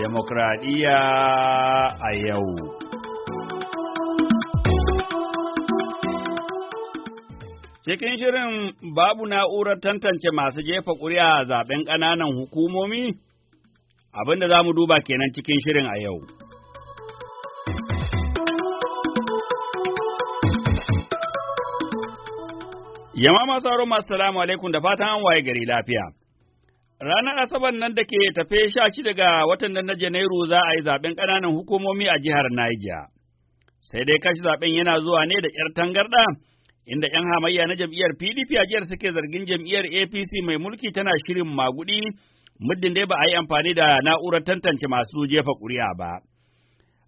demokradiyya a yau. Cikin shirin babu na'urar tantance masu jefa ƙuri'a a zaɓen ƙananan hukumomi, abinda za mu duba kenan cikin shirin a yau. Yamma masu masu salamu alaikum da fatan an waye gari lafiya. Ranar Asabar nan da ke tafe sha shi daga watan nan na Janairu za a yi zaɓen ƙananan hukumomi a jihar Niger. Sai dai kashi zaɓen yana zuwa ne da ‘yar tangarɗa, inda ‘yan hamayya na jam'iyyar PDP a jihar suke zargin jam'iyyar APC mai mulki tana shirin maguɗi, muddin dai ba a yi amfani da na'urar tantance masu jefa ƙuri'a ba.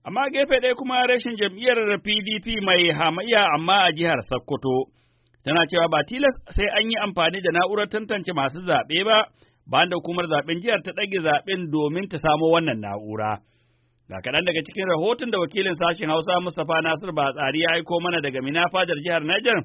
Amma gefe ɗaya kuma rashin jam'iyyar PDP mai hamayya amma a jihar Sokoto. Tana cewa ba tilas sai an yi amfani da na'urar tantance masu zaɓe ba, bayan da hukumar zaben jihar ta ɗage zaben domin ta samo wannan na'ura. Ga kaɗan daga cikin rahoton da wakilin sashen Hausa Mustapha Nasir Batsari ya aiko mana daga Mina fadar jihar Niger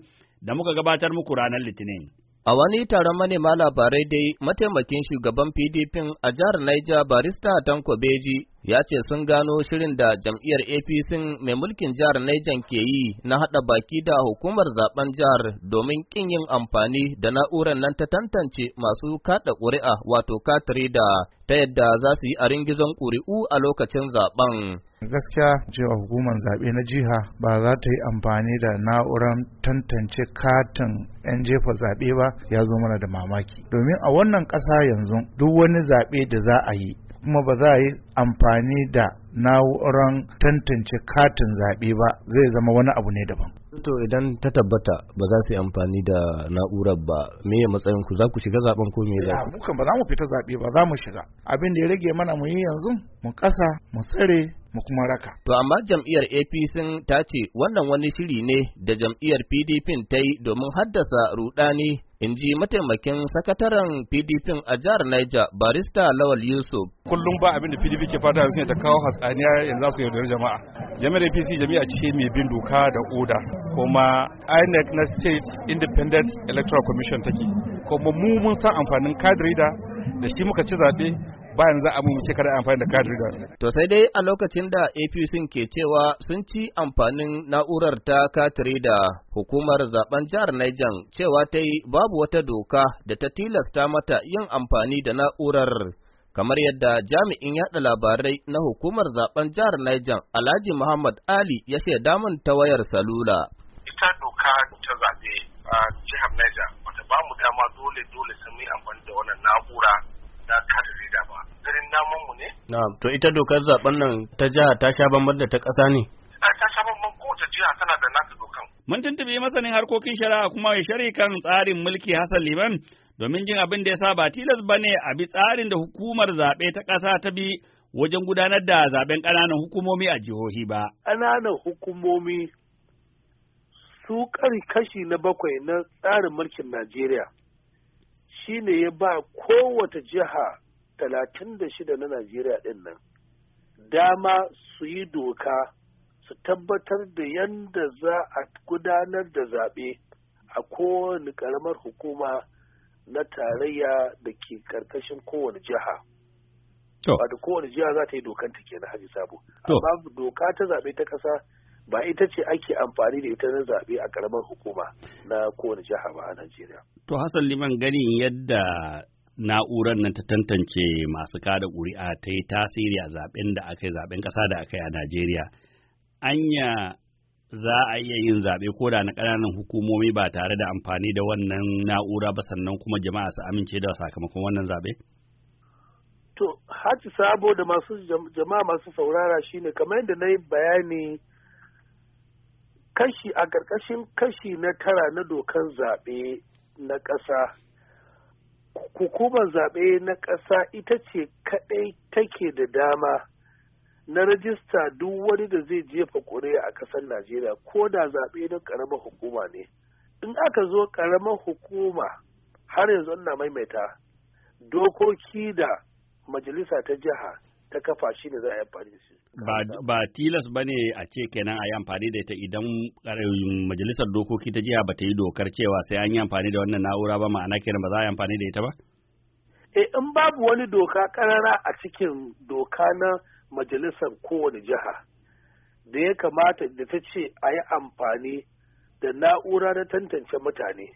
da muka gabatar muku ranar Litinin. A wani taron manema labarai dai mataimakin shugaban PDP a jihar Niger barista Tanko Beji ya ce sun gano shirin da jam'iyyar APC mai mulkin jihar Niger ke yi na haɗa baki da hukumar zaben jihar domin ƙin yin amfani da na'urar nan ta tantance masu kaɗa ƙuri'a wato katiri da ta yadda za su yi a ringizon ƙuri'u a lokacin zaben. gaskiya cewa hukumar zaɓe na jiha ba za ta yi amfani da na'urar tantance katin 'yan jefa zaɓe ba ya zo mana da mamaki domin a wannan ƙasa yanzu duk wani zaɓe da za a yi kuma ba za a yi amfani da Na'urar tantance katin zaɓe ba zai zama wani abu ne daban. To idan ta tabbata ba za su yi amfani da na'urar ba me ya matsayin ku za ku shiga zaben ko me za ku? Mukan ba za mu fita zaɓe ba za mu shiga. Abin da ya rage mana mu yi yanzu mu ƙasa mu tsare mu kuma raka. To amma jam'iyyar APC ta ce wannan wani shiri ne da jam'iyyar PDP ta yi domin haddasa rudani in ji mataimakin sakataren PDP a jihar Niger barista Lawal Yusuf. Kullum ba abin da PDP ke fata yanzu ne ta kawo hatsaniya yanzu za su yaudari jama'a jami'ar apc jami'a ce mai bin doka da oda kuma inec na state independent electoral commission take kuma mu mun san amfanin kadiri da da shi muka ci zaɓe bayan za a mu ce kada amfani da kadiri da to sai dai a lokacin da apc ke cewa sun ci amfanin na'urar ta kadiri da hukumar zaben jihar Niger cewa ta yi babu wata doka da ta tilasta mata yin amfani da na'urar kamar yadda jami'in yada labarai na hukumar zaben jihar Niger Alhaji Muhammad Ali ya shaida damun ta wayar salula. Ita doka ta zaɓe a jihar Niger wata ba mu dama dole dole sun yi amfani da wannan na'ura na kada da ba. Garin namun mu ne? Na'am, to ita dokar zaben nan ta jiha ta sha bamban da ta ƙasa ne? Ta sha bamban kowace jiha tana da nasu dokan. Mun tuntuɓi masanin harkokin shari'a kuma shari'a kan tsarin mulki Hassan Liman domin jin abin da ya sa ba tilas ba ne a bi tsarin da hukumar zaɓe ta ƙasa ta bi wajen gudanar da zaɓen ƙananan hukumomi a jihohi ba. Ƙananan hukumomi su ƙari kashi na bakwai na tsarin mulkin Najeriya shi ne ya ba kowace jiha talatin da shida na Najeriya ɗin nan dama su yi doka su tabbatar da yadda za a gudanar da zaɓe a kowane ƙaramar hukuma na tarayya da ke karkashin kowane jiha wato kowane jiha za ta yi dokan ta kenan haji sabo amma doka ta zaɓe ta ƙasa ba ita ce ake amfani da ita na zaɓe a ƙaramar hukuma na kowane jiha ba a Najeriya. To Hassan Liman ganin yadda na'urar nan ta tantance masu kada ƙuri'a ta yi tasiri a zaɓen da aka yi zaɓen ƙasa da aka yi a Najeriya. Anya za a iya yin zaɓe ko da na ƙananan hukumomi ba tare da amfani da wannan na'ura ba sannan kuma jama'a su amince da sakamakon wannan zaɓe? To, haci sabo da masu jama'a masu saurara shine kamar yadda na yi bayani kashi a ƙarƙashin kashi na tara na dokan zaɓe na ƙasa. Hukumar zaɓe na ƙasa ita ce kaɗai take da dama na rajista duk wani da zai jefa ƙuri'a a ƙasar najeriya ko da zaɓe na ƙaramar hukuma ne in aka zo ƙaramar hukuma har yanzu na maimaita dokoki da majalisa ta jiha ta kafa shi ne za a yi amfani da shi. Ba tilas ba ne a ce kenan a yi amfani da ita idan majalisar dokoki ta jiha ba ta yi dokar cewa sai an yi amfani da wannan na'ura ba ma'ana kenan ba za a yi amfani da ita ba? E in babu wani doka karara a cikin doka na majalisar kowane jiha da ya kamata da ta ce a yi amfani da na'ura na tantance mutane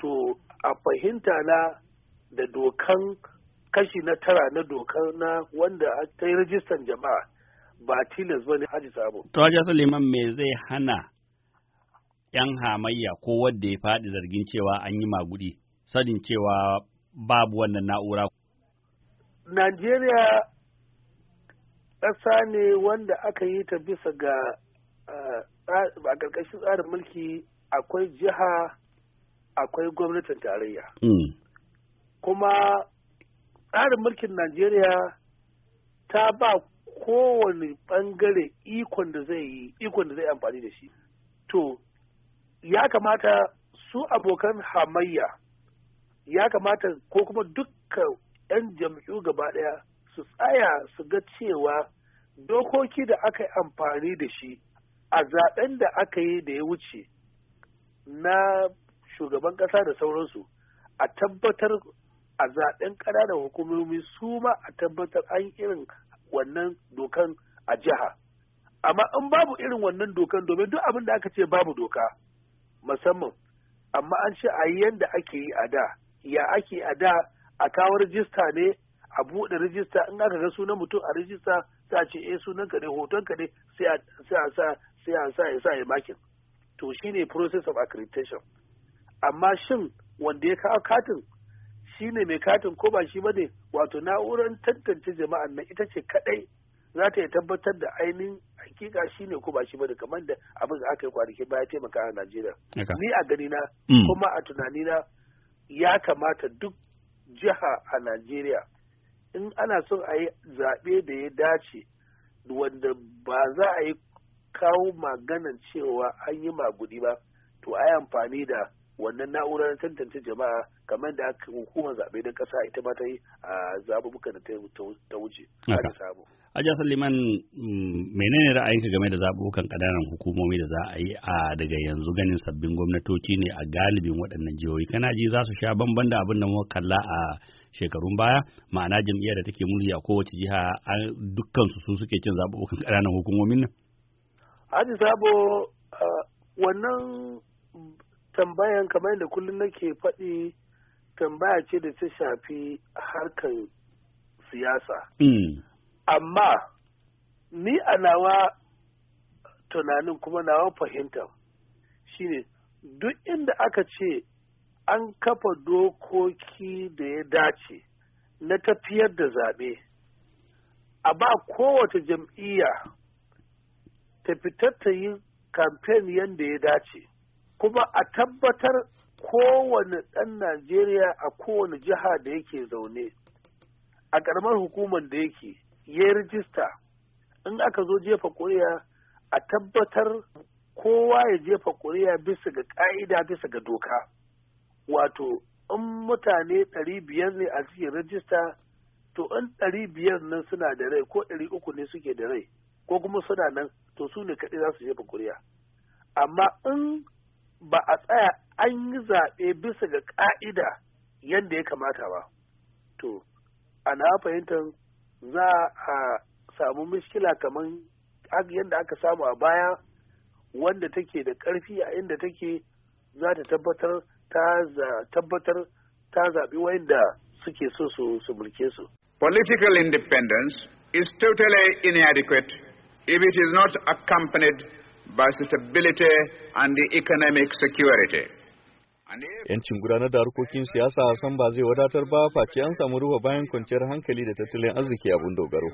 to a fahimta na da dokan kashi na tara na dokan na wanda ta yi rajistan jama'a ba tilas ba ne haji sabo. Tawaja Suleiman me zai hana 'yan hamayya ko wanda ya faɗi zargin cewa an yi magudi sanin cewa babu wannan na'ura. Najeriya ƙasa ne wanda aka yi ta bisa ga a ƙarƙashin tsarin mulki akwai jiha akwai gwamnatin tarayya mm. kuma tsarin mulkin najeriya ta ba kowane ɓangare ikon da zai yi ikon da zai amfani da shi to ya kamata su abokan hamayya ya kamata ko kuma dukkan 'yan jam'iyyu gaba ɗaya su tsaya su ga cewa dokoki da aka yi amfani da shi a zaben da aka yi da ya wuce na shugaban ƙasa da sauransu a tabbatar a zaben ƙananan hukumomi su ma a tabbatar an irin wannan dokan a jiha amma in babu irin wannan dokan domin duk abin da aka ce babu doka musamman amma an ce a yi yadda ake yi a da ya ake a da a kawo rijista ne a buɗe rijista in aka ga sunan mutum a rijista sai ce eh sunan ka ne hoton ka ne sai a sa sai a sa ya sa ya makin to shine process of accreditation amma shin wanda ya kawo katin shine mai katin ko ba shi bane wato na'urar tantance jama'an nan ita ce kadai za ta yi tabbatar da ainihin hakika shi ne ko ba shi ba ne kamar da abin da aka yi kwanaki baya taimaka a Najeriya. Ni a gani na mm. kuma a tunanina ya kamata duk jiha a Najeriya in ana son a yi zaɓe da ya dace wanda ba za a yi kawo maganan cewa an yi magudi ba to a yi amfani da wannan na'urar tantance jama'a kamar da aka hukumar zaɓe na ƙasa ita ma ta yi a zaɓuɓɓuka da ta wuce. Aja Saliman mm, menene ra'ayinka game da zaɓuɓɓukan ƙananan hukumomi da za a yi a daga yanzu ganin sabbin gwamnatoci ne a galibin waɗannan jihohi kana ji za su sha bamban da abin da muka kalla a shekarun baya ma'ana jam'iyyar da take mulki a kowace jiha dukkan su suke cin zaɓuɓɓukan ƙananan hukumomin nan Haji Sabo wannan tambayan kamar yadda kullum nake faɗi tambaya ce da ta shafi harkar siyasa. Mm. Amma ni a nawa tunanin kuma nawa fahimta shine duk inda aka ce an kafa dokoki da ya dace na tafiyar da zaɓe a ba kowace jam'iyya ta fitar ta yi kamfen yadda ya dace kuma a tabbatar kowane ɗan najeriya a kowane jiha da yake zaune a ƙaramar hukumar da yake ya rijista in aka zo jefa ƙuri'a a tabbatar kowa ya jefa ƙuri'a bisa ga ƙa'ida bisa ga doka wato in mutane ɗari biyar ne a cikin rajista to in ɗari biyar nan suna da rai ko ɗari uku ne suke da rai ko kuma suna nan to su ne kaɗai za su jefa kuriya amma in ba a tsaya an yi zaɓe bisa ga ƙa'ida yadda ya kamata ba to ana fahimtar za a samu mishkila kamar yadda aka samu a baya wanda take da ƙarfi a inda take za ta tabbatar tabbatar ta zaɓi wayanda suke so su su mulke su. Political independence is totally inadequate if it is not accompanied by stability and the economic security. Yancin gudanar da harkokin siyasa san ba zai wadatar ba face an samu ruwa bayan kwanciyar hankali da tattalin arziki abun dogaro.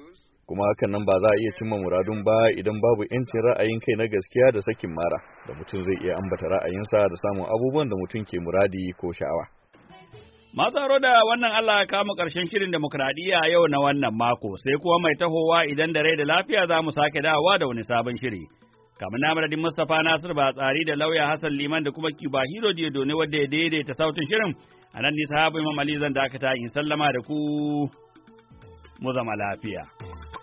Kuma hakan nan ba za a iya cimma muradun ba idan babu yancin ra'ayin kai na gaskiya da sakin mara da mutum zai iya ambata ra'ayinsa da samun abubuwan da mutum ke muradi ko sha'awa. Matsaro da wannan Allah ya kama ƙarshen shirin demokradiyya yau na wannan mako, sai kuma mai tahowa idan da rai da lafiya za mu sake dawowa da wani sabon shiri. Kamar namaradin Mustapha Nasir ba tsari da lauya Hassan Liman da kuma Kiba Hiro do ne wadda ya daidaita sautin shirin. A nan ne habu Imam Ali zan dakata in sallama da ku mu zama lafiya.